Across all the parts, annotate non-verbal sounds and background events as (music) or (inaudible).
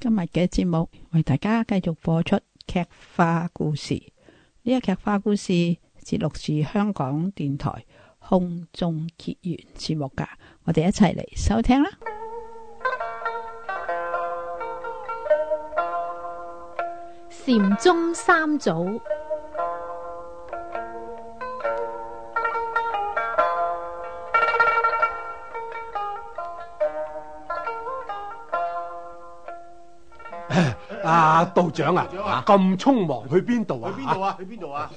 今日嘅節目為大家繼續播出劇化故事。呢個劇化故事節錄是香港電台空中結緣節目噶，我哋一齊嚟收聽啦。禪宗三祖。道長啊，咁匆忙去邊度啊？去邊度啊？去邊度啊？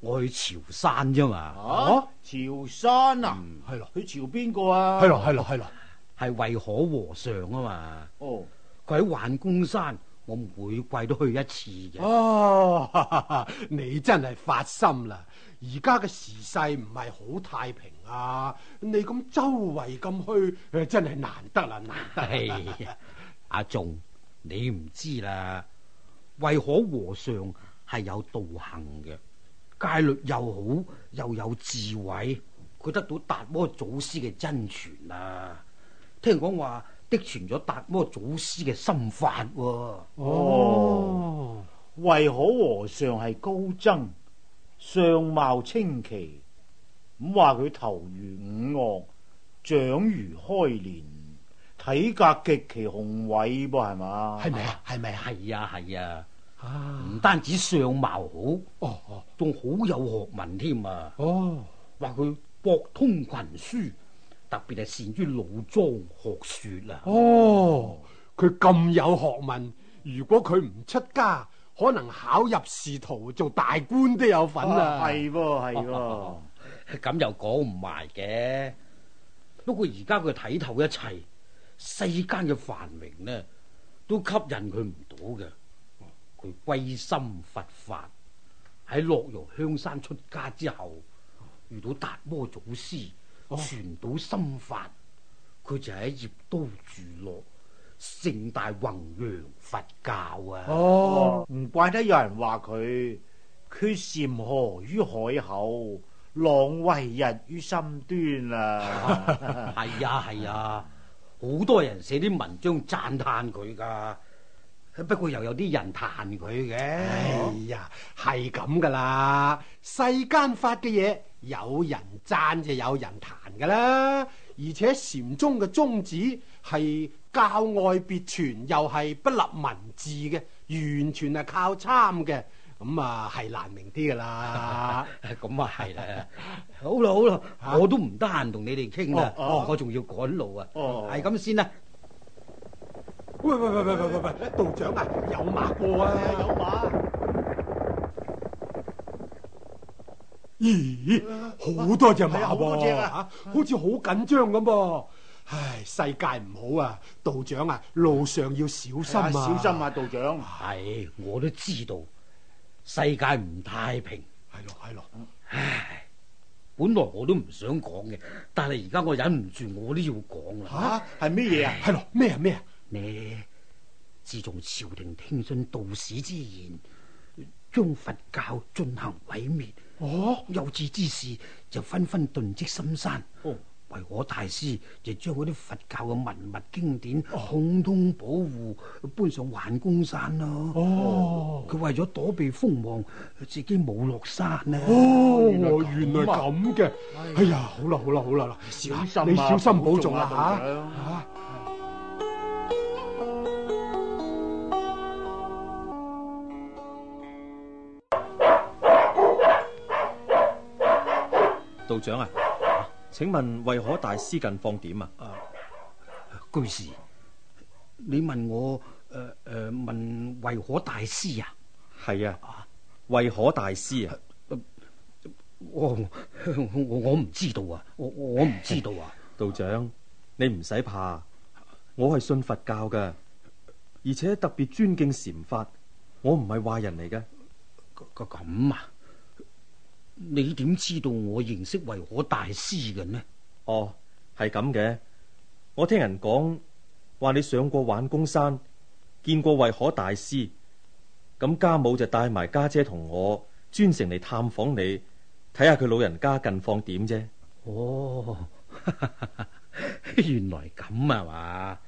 我去潮山啫嘛。哦，潮山啊，係咯？去朝邊個啊？係咯，係咯，係咯，係為可和尚啊嘛。哦，佢喺幻公山，我每季都去一次嘅。哦，你真係發心啦！而家嘅時勢唔係好太平啊，你咁周圍咁去，真係難得啦，難得。阿仲。你唔知啦，慧可和尚係有道行嘅，戒律又好，又有智慧。佢得到達摩祖師嘅真傳啊！聽講話的傳咗達摩祖師嘅心法啊。哦，慧可和尚係高僧，相貌清奇，咁話佢頭如五岳，掌如開蓮。體格極其雄偉噃，係嘛？係咪啊？係咪？係啊，係啊，唔單止相貌好，哦，仲好有學問添啊，哦，話佢博通群書，特別係擅於老莊學説啊，哦，佢咁有學問，如果佢唔出家，可能考入仕途做大官都有份啊。係喎、哦，係喎，咁又講唔埋嘅。不過而家佢睇透一切。在世間嘅繁榮咧，都吸引佢唔到嘅。佢歸心佛法，喺洛陽香山出家之後，遇到達摩祖師，傳到心法。佢、哦、就喺葉都住落，盛大弘揚佛教啊！唔、哦、怪得有人話佢，缺禪河於海口，浪慧日於心端啊！係 (laughs) (laughs) 啊，係啊。好多人寫啲文章讚歎佢噶，不過又有啲人彈佢嘅。哎呀，係咁噶啦，世間法嘅嘢有人贊就有人彈噶啦。而且禪宗嘅宗旨係教外別傳，又係不立文字嘅，完全係靠參嘅。咁啊，係難明啲噶啦，咁啊係啦，好啦好啦，我都唔得閒同你哋傾啦，我仲要趕路啊，係咁先啦。喂喂喂喂喂喂，道長啊，有馬過啊，有馬。咦，好多隻馬喎，吓，好似好緊張咁噃。唉，世界唔好啊，道長啊，路上要小心啊。小心啊，道長。係，我都知道。世界唔太平，係咯係咯，唉！本來我都唔想講嘅，但係而家我忍唔住，我都要講啦。吓，係咩嘢啊？係咯，咩啊咩啊？你自從朝廷聽信道士之言，將佛教進行毀滅，哦，有志之士就紛紛遁跡深山。哦為我大師，就將嗰啲佛教嘅文物經典通通保護搬上環公山咯。哦，佢、哦、為咗躲避鋒芒，自己冇落山呢。哦，原來咁嘅、啊。哎呀，好啦好啦好啦，好小心啊，保重啊吓吓、啊。道長啊！請問慧可大師近況點啊？居士，你問我誒誒、呃、問慧可大師啊？係啊，慧可大師啊，啊我我唔知道啊，我我唔知道啊。 (laughs) 道長，你唔使怕，我係信佛教噶，而且特別尊敬禪法，我唔係壞人嚟噶。個咁啊？你點知道我認識慧可大師嘅呢？哦，係咁嘅。我聽人講話你上過玩公山，見過慧可大師。咁家母就帶埋家姐同我專程嚟探訪你，睇下佢老人家近況點啫。哦哈哈哈哈，原來咁啊嘛。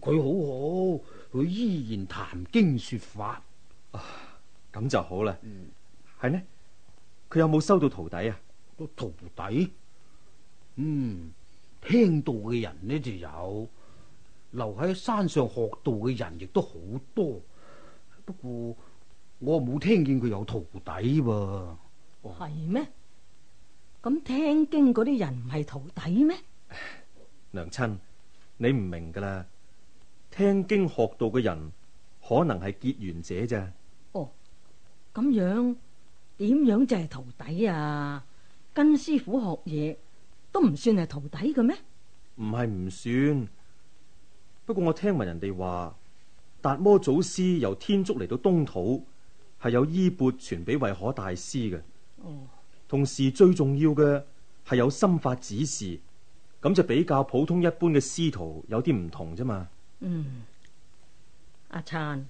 佢好好，佢依然談經說法。啊，咁就好啦。嗯，係呢。佢有冇收到徒弟啊？徒弟，嗯，聽到嘅人呢就有，留喺山上學道嘅人亦都好多。不過我冇聽見佢有徒弟噃、啊。係咩？咁聽經嗰啲人唔係徒弟咩？娘親，你唔明噶啦，聽經學道嘅人可能係結緣者咋？哦，咁樣。點樣就係徒弟啊？跟師傅學嘢都唔算係徒弟嘅咩？唔係，唔算，不過我聽聞人哋話達摩祖師由天竺嚟到東土，係有衣鉢傳俾慧可大師嘅。哦，同時最重要嘅係有心法指示，咁就比較普通一般嘅師徒有啲唔同啫嘛。嗯，阿燦，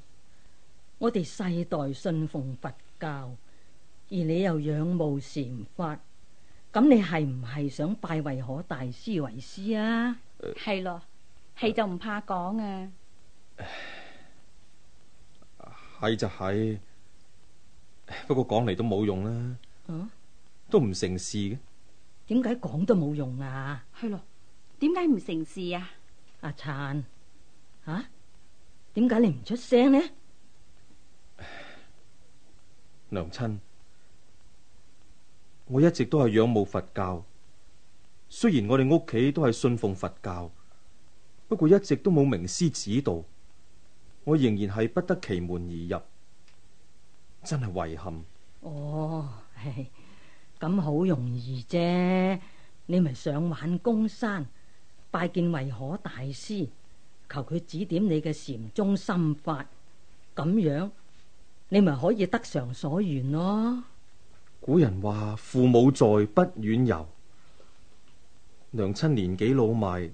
我哋世代信奉佛教。而你又仰慕禪法，咁你係唔係想拜慧可大師為師啊？係咯，係就唔怕講啊！係就係，不過講嚟都冇用啦，都唔成事嘅。點解講都冇用啊？係咯，點解唔成事啊？阿燦，啊？點解你唔出聲呢？娘親。我一直都係仰慕佛教，雖然我哋屋企都係信奉佛教，不過一直都冇名師指導，我仍然係不得其門而入，真係遺憾。哦，嘿，咁好容易啫！你咪上皖公山，拜見慧可大師，求佢指點你嘅禪宗心法，咁樣你咪可以得償所願咯。古人話父母在，不遠遊。娘親年紀老邁，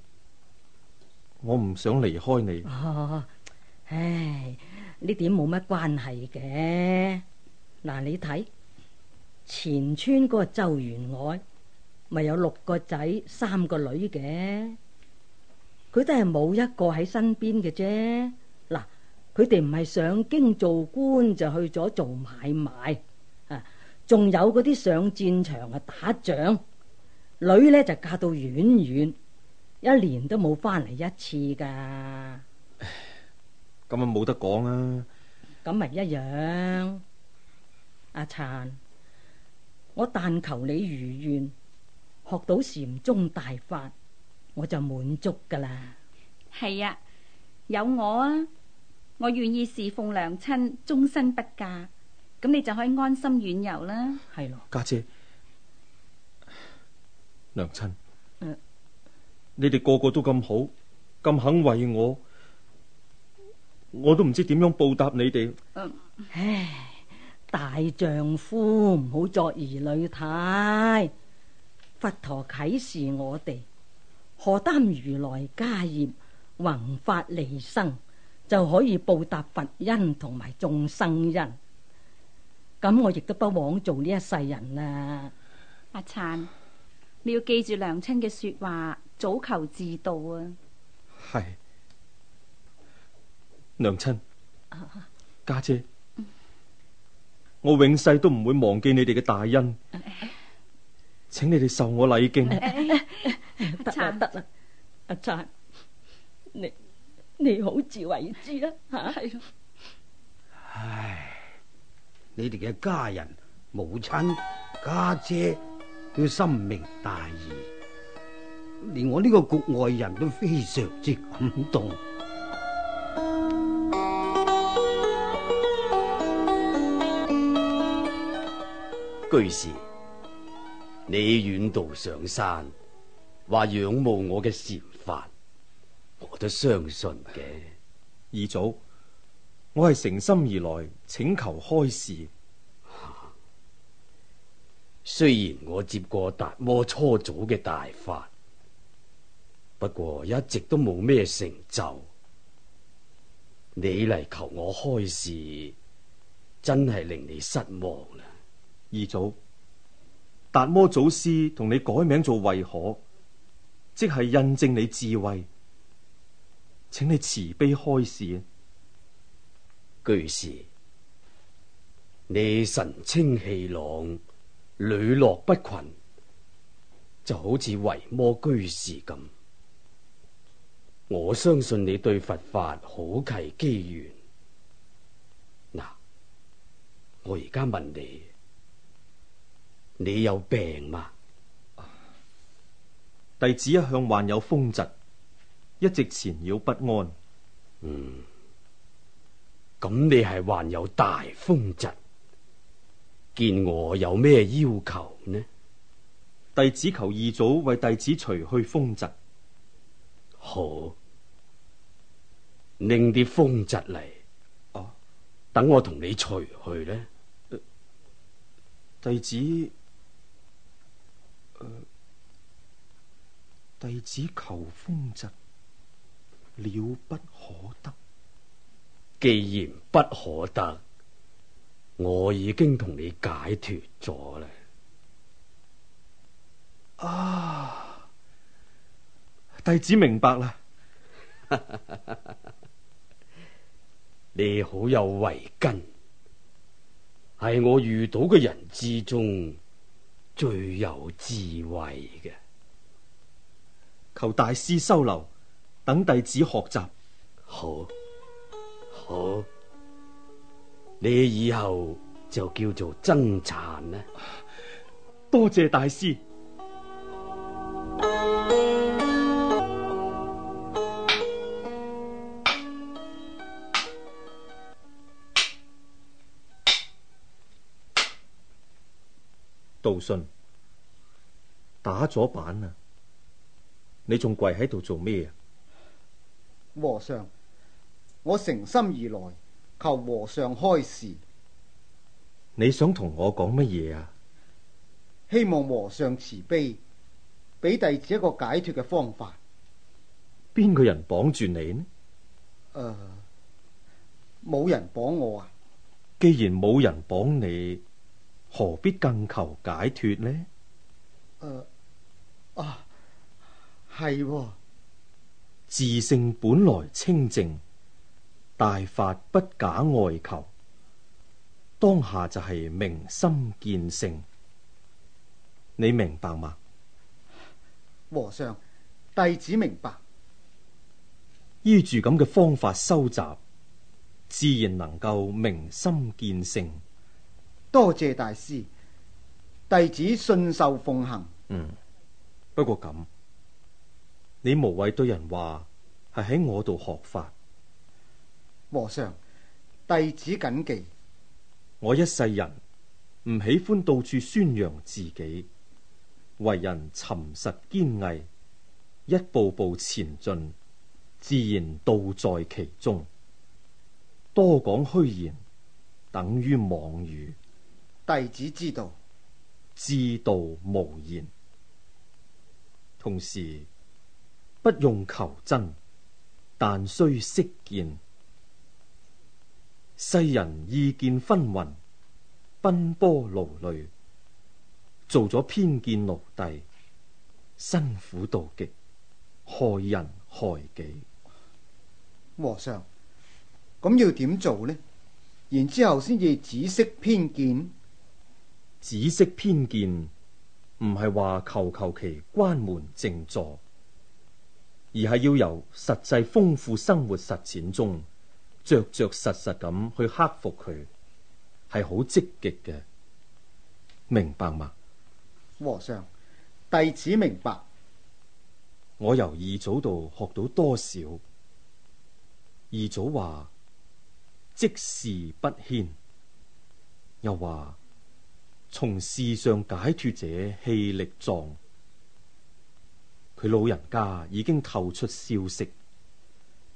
我唔想離開你。哦、唉，呢點冇乜關係嘅。嗱，你睇前村個周員外，咪有六個仔三個女嘅，佢都係冇一個喺身邊嘅啫。嗱，佢哋唔係上京做官，就去咗做買賣。仲有嗰啲上戰場啊打仗，女呢就嫁到遠遠，一年都冇翻嚟一次噶。咁咪冇得講啊！咁咪一樣，阿燦，我但求你如願學到禪宗大法，我就滿足噶啦。係啊，有我啊，我願意侍奉娘親，終身不嫁。咁你就可以安心遠遊啦。係咯，家姐、娘親，你哋個個都咁好，咁肯為我，我都唔知點樣報答你哋。唉，大丈夫唔好作兒女態。佛陀啟示我哋，何擔如來家業弘法利生，就可以報答佛恩同埋眾生恩。咁我亦都不枉做呢一世人啦，阿燦，你要記住娘親嘅說話，早求自度啊！係，娘親，家姐，姐，嗯、我永世都唔會忘記你哋嘅大恩，欸、請你哋受我禮敬。阿燦，得啦，阿、欸、燦、欸，啊，你你好自為之啦吓，係、啊、的唉。你哋嘅家人、母親、家姐、姐，都深明大義，連我呢個局外人都非常之感動。居士，你遠道上山，話仰慕我嘅禪法，我都相信嘅。 (music) 二祖。我係誠心而來，請求開示。雖然我接過達摩初祖嘅大法，不過一直都冇咩成就。你嚟求我開示，真係令你失望啦。二祖，達摩祖師同你改名做慧可，即係印證你智慧，請你慈悲開示。居士，你神清氣朗，磊落不群，就好似維摩居士咁。我相信你對佛法好契機緣。嗱，我而家問你，你有病嗎？弟子一向患有風疾，一直纏繞不安。嗯。咁你係患有大風疾，見我有咩要求呢？弟子求二祖為弟子除去風疾。好，拎啲風疾嚟，哦，等我同你除去呢。弟子，呃，弟子求風疾，了不可得。既然不可得，我已經同你解脫咗啦！啊，弟子明白啦。 (laughs) 你好有慧根，係我遇到嘅人之中最有智慧嘅。求大師收留，等弟子學習。好。好，你以後就叫做真禪啦。多謝大師。道信打咗板啊！你仲跪喺度做咩啊？和尚。我誠心而來，求和尚開示。你想同我講乜嘢啊？希望和尚慈悲，俾弟子一個解脫嘅方法。邊個人綁住你呢？誒、呃，冇人綁我啊！既然冇人綁你，何必更求解脫呢？誒、呃，啊，係、哦，自性本來清淨。大法不假外求，當下就係明心見性，你明白嗎？和尚，弟子明白。依住咁嘅方法收集，自然能夠明心見性。多謝大師，弟子信受奉行。嗯，不過咁，你無謂對人話係喺我度學法。和尚，弟子謹記，我一世人唔喜歡到處宣揚自己，為人沉實堅毅，一步步前進，自然道在其中。多講虛言等於妄語。弟子知道，知道無言，同時不用求真，但需識見。世人意見紛紜，奔波勞累，做咗偏見奴隸，辛苦到極，害人害己。和尚，咁要點做呢？然之後先至紫色偏見，紫色偏見唔係話求求其關門靜坐，而係要由實際豐富生活實踐中。着着實實咁去克服佢，係好積極嘅，明白嗎？和尚，弟子明白。我由二祖度學到多少？二祖話：即事不遷，又話從事上解脫者氣力壯。佢老人家已經透出消息，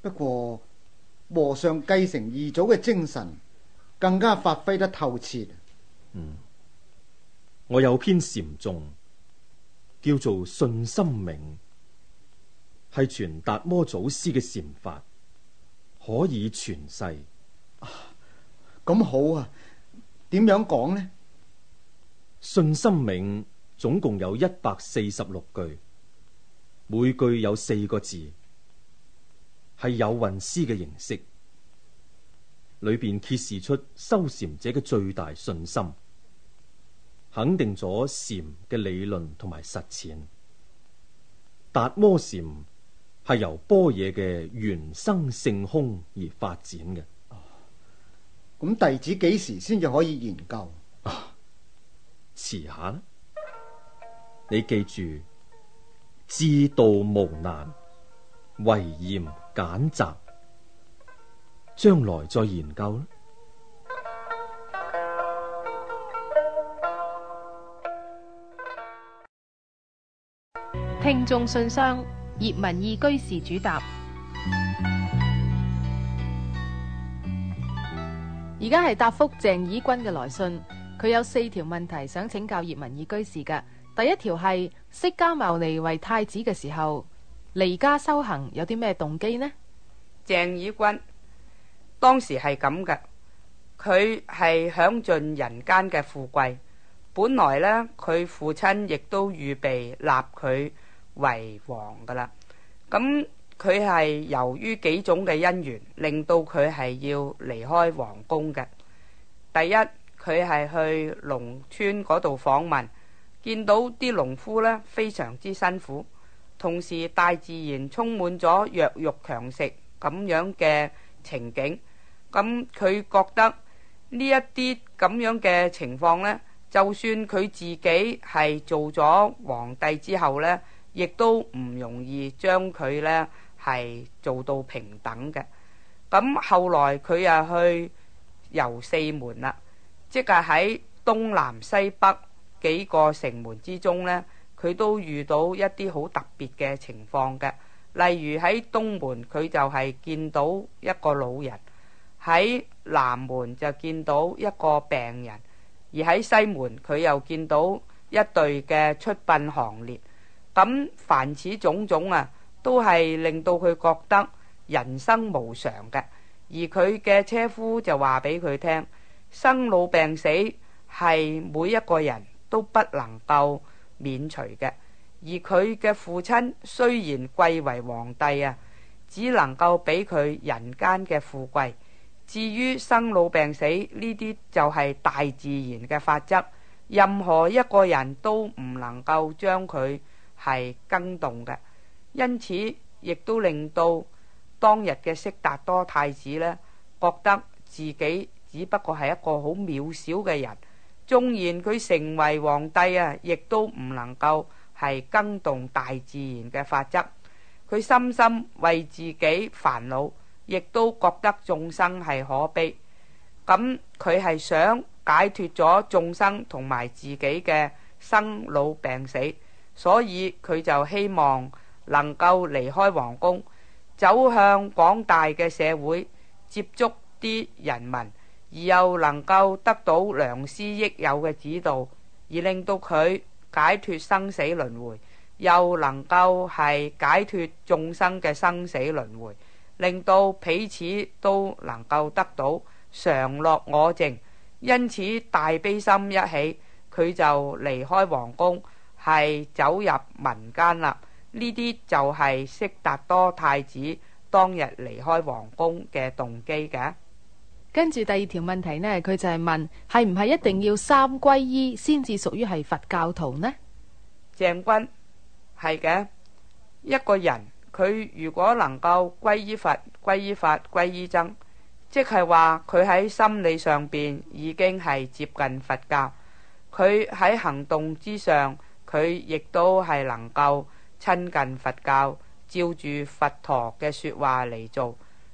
不過。和尚繼承二祖嘅精神，更加發揮得透徹。嗯，我有篇禪宗叫做《信心銘》，係傳達摩祖師嘅禪法，可以傳世。咁，啊，好啊。點樣講呢？信心銘總共有一百四十六句，每句有四個字。係有運思嘅形式，裏邊揭示出修禪者嘅最大信心，肯定咗禪嘅理論同埋實踐。達摩禪係由般若嘅原生性空而發展嘅。咁弟子幾時先至可以研究？遲、啊、下啦，你記住，至道無難唯嫌揀擇，將來再研究啦。聽眾信箱，葉文義居士主答。而家係答覆鄭以君嘅來信，佢有四條問題想請教葉文義居士噶。第一條係釋迦牟尼為太子嘅時候。離家修行有啲咩動機呢？鄭以君當時係咁嘅，佢係享盡人間嘅富貴，本來呢，佢父親亦都預備立佢為王噶啦。咁佢係由於幾種嘅因緣，令到佢係要離開皇宮嘅。第一，佢係去農村嗰度訪問，見到啲農夫呢，非常之辛苦。同時，大自然充滿咗弱肉強食咁樣嘅情景。咁佢覺得呢一啲咁樣嘅情況呢，就算佢自己係做咗皇帝之後呢，亦都唔容易將佢呢係做到平等嘅。咁後來佢又去遊四門啦，即係喺東南西北幾個城門之中呢。佢都遇到一啲好特別嘅情況嘅，例如喺東門佢就係見到一個老人，喺南門就見到一個病人，而喺西門佢又見到一隊嘅出殯行列。咁凡此種種啊，都係令到佢覺得人生無常嘅。而佢嘅車夫就話俾佢聽：生老病死係每一個人都不能夠免除嘅，而佢嘅父親雖然貴為皇帝啊，只能夠俾佢人間嘅富貴。至於生老病死呢啲，就係大自然嘅法則，任何一個人都唔能夠將佢係更動嘅。因此，亦都令到當日嘅悉達多太子呢，覺得自己只不過係一個好渺小嘅人。縱然，他成為皇帝，亦都不能夠是更動大自然的法則。他深深為自己煩惱，亦都覺得眾生是可悲。他是想解脱了眾生和自己的生老病死。所以，他就希望能夠離開皇宮，走向廣大的社會，接觸啲人民。而又能夠得到良師益友嘅指導，而令到佢解脫生死輪回,又能夠係解脫眾生嘅生死輪回,令到彼此都能夠得到，常樂我淨。因此，大悲心一起，佢就離開皇宮，係走入民間啦。呢啲就係悉達多太子當日離開皇宮嘅動機嘅。跟住第二條問題呢，佢就係問係唔係一定要三歸依先至屬於係佛教徒呢？鄭君係嘅，一個人佢如果能夠歸依佛、歸依法、歸依僧，即係話佢喺心理上邊已經係接近佛教，佢喺行動之上佢亦都係能夠親近佛教，照住佛陀嘅說話嚟做。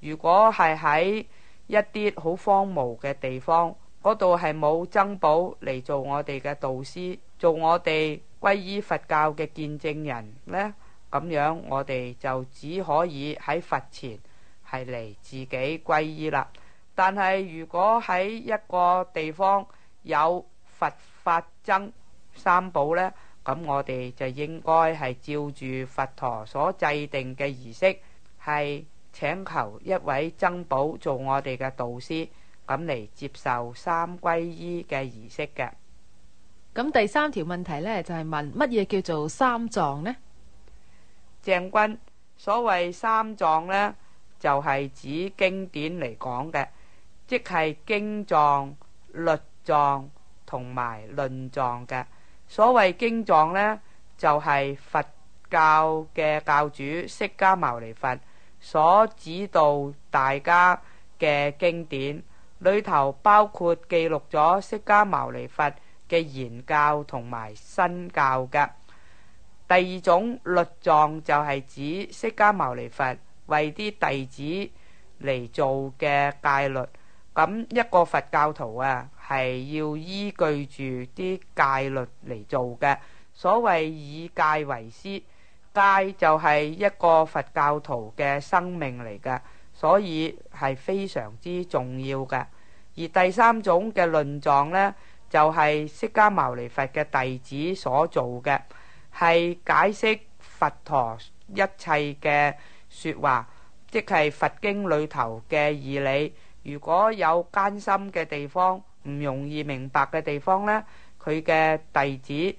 如果係喺一啲好荒蕪嘅地方，嗰度係冇僧寶嚟做我哋嘅導師，做我哋皈依佛教嘅見證人呢。咁樣我哋就只可以喺佛前係嚟自己皈依啦。但係如果喺一個地方有佛法僧三寶呢，咁我哋就應該係照住佛陀所制定嘅儀式係。請求一位僧寶做我哋嘅導師，咁嚟接受三皈依嘅儀式嘅。咁第三條問題呢，就係問乜嘢叫做三藏呢？鄭君所謂三藏呢，就係指經典嚟講嘅，即係經藏、律藏同埋論藏嘅。所謂經藏呢，就係佛教嘅教主釋迦牟尼佛。所指導大家嘅經典，裏頭包括記錄咗釋迦牟尼佛嘅言教同埋身教㗎。第二種律藏就係指釋迦牟尼佛為啲弟子嚟做嘅戒律。咁一個佛教徒啊，係要依據住啲戒律嚟做嘅，所謂以戒為師。就係一個佛教徒嘅生命嚟嘅，所以係非常之重要嘅。而第三種嘅論狀呢，就係釋迦牟尼佛嘅弟子所做嘅，係解釋佛陀一切嘅說話，即係佛經裏頭嘅義理。如果有艱深嘅地方，唔容易明白嘅地方呢，佢嘅弟子。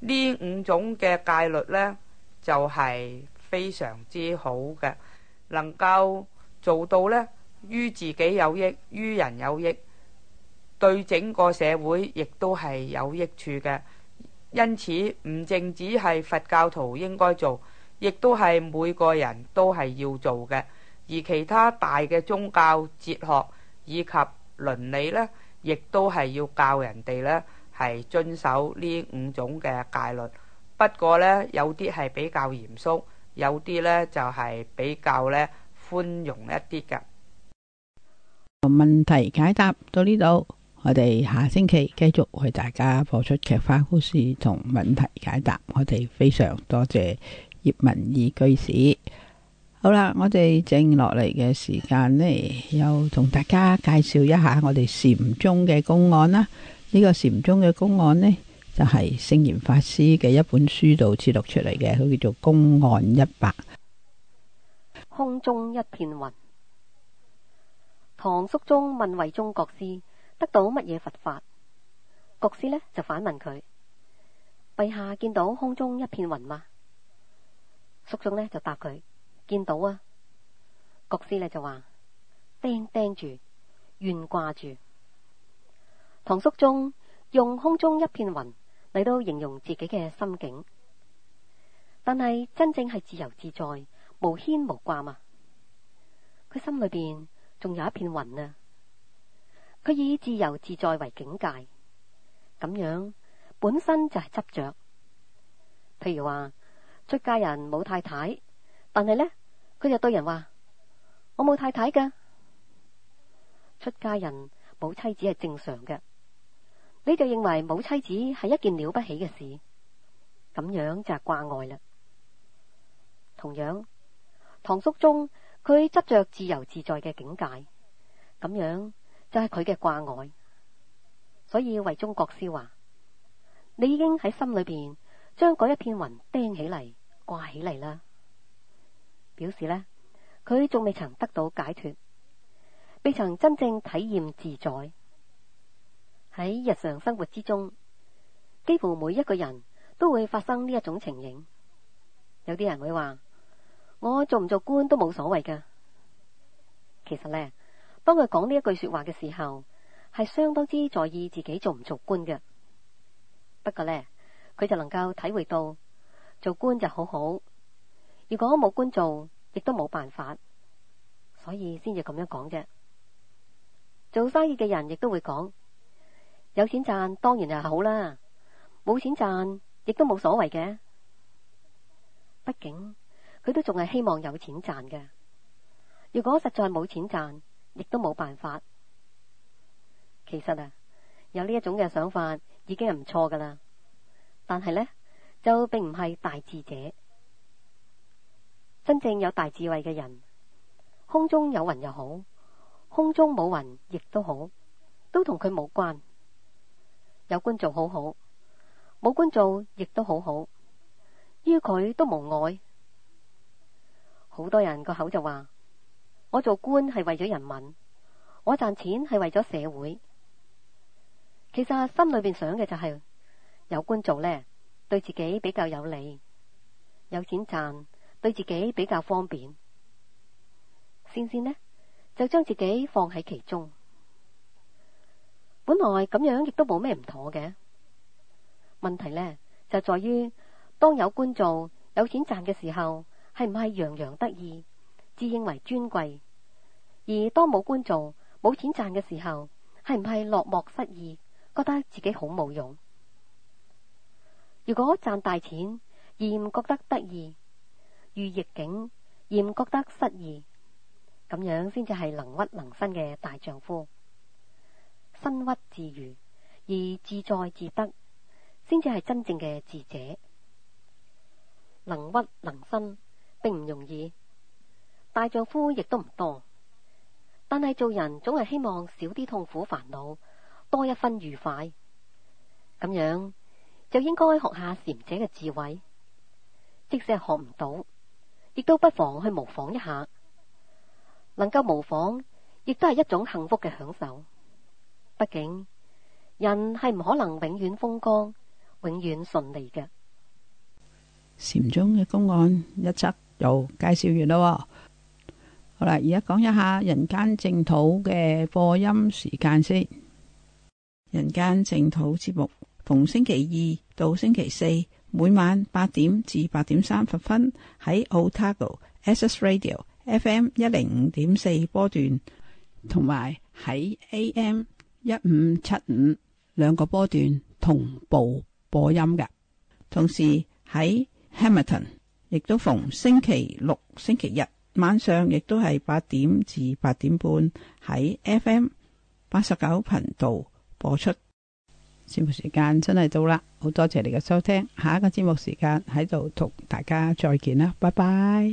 呢五種嘅戒律呢，就係非常之好嘅，能夠做到呢：於自己有益，於人有益，對整個社會亦都係有益處嘅。因此，唔淨止係佛教徒應該做，亦都係每個人都係要做嘅。而其他大嘅宗教哲學以及倫理呢，亦都係要教人哋呢。係遵守呢五種嘅戒律，不過呢，有啲係比較嚴肅，有啲呢就係、是、比較呢寬容一啲噶。問題解答到呢度，我哋下星期繼續為大家播出劇化故事同問題解答。我哋非常多謝葉文義居士。好啦，我哋剩落嚟嘅時間呢，又同大家介紹一下我哋禪宗嘅公案啦。呢個禪宗嘅公案呢，就係聖嚴法師嘅一本書度記錄出嚟嘅，佢叫做《公案一百》。空中一片雲，唐肅宗問慧忠國師：得到乜嘢佛法？國師呢就反問佢：陛下見到空中一片雲嗎？肅宗呢就答佢：見到啊。國師呢就話：釘釘住，懸掛住。唐叔宗用空中一片雲嚟到形容自己嘅心境，但係真正係自由自在、無牽無掛嘛。佢心裏邊仲有一片雲啊！佢以自由自在為境界，咁樣本身就係執着。譬如話出家人冇太太，但係咧佢就對人話我冇太太噶。出家人冇妻子係正常嘅。你就認為冇妻子係一件了不起嘅事，咁樣就係掛礙啦。同樣，唐肅宗佢執着自由自在嘅境界，咁樣就係佢嘅掛礙。所以為中國師話，你已經喺心裏邊將嗰一片雲掟起嚟、掛起嚟啦，表示呢，佢仲未曾得到解脫，未曾真正體驗自在。喺日常生活之中，幾乎每一個人都會發生呢一種情形。有啲人會話：我做唔做官都冇所謂㗎。其實呢，當佢講呢一句說話嘅時候，係相當之在意自己做唔做官嘅。不過呢，佢就能夠體會到做官就好好，如果冇官做，亦都冇辦法，所以先至咁樣講啫。做生意嘅人亦都會講。有錢賺當然係好啦，冇錢賺亦都冇所謂嘅。畢竟佢都仲係希望有錢賺嘅。如果實在冇錢賺，亦都冇辦法。其實啊，有呢一種嘅想法已經係唔錯噶啦。但係呢，就並唔係大智者，真正有大智慧嘅人，空中有雲又好，空中冇雲亦都好，都同佢冇關。有官做好好，冇官做亦都好好，於佢都無礙。好多人個口就話：我做官係為咗人民，我賺錢係為咗社會。其實心裏邊想嘅就係、是、有官做呢，對自己比較有利，有錢賺，對自己比較方便。先先呢，就將自己放喺其中。本來咁樣亦都冇咩唔妥嘅，問題呢就在於當有官做、有錢賺嘅時候，係唔係洋洋得意、自認為尊貴；而當冇官做、冇錢賺嘅時候，係唔係落寞失意、覺得自己好冇用？如果賺大錢而唔覺得得意，遇逆境而唔覺得失意，咁樣先至係能屈能伸嘅大丈夫。身屈自如而自在自得，先至係真正嘅智者。能屈能伸，並唔容易。大丈夫亦都唔多，但係做人總係希望少啲痛苦煩惱，多一分愉快。咁樣就應該學下禪者嘅智慧，即使係學唔到，亦都不妨去模仿一下。能夠模仿，亦都係一種幸福嘅享受。畢竟人係唔可能永遠風光、永遠順利嘅。禪宗嘅公案一則又介紹完咯。好啦，而家講一下人間淨土嘅播音時間先。人間淨土節目逢星期二到星期四每晚八點至八點三十分喺 Otago SS Radio FM 一零五點四波段，同埋喺 AM。一五七五兩個波段同步播音嘅，同時喺 Hamilton 亦都逢星期六、星期日晚上，亦都係八點至八點半喺 FM 八十九頻道播出。節目時間真係到啦，好多謝你嘅收聽，下一個節目時間喺度同大家再見啦，拜拜。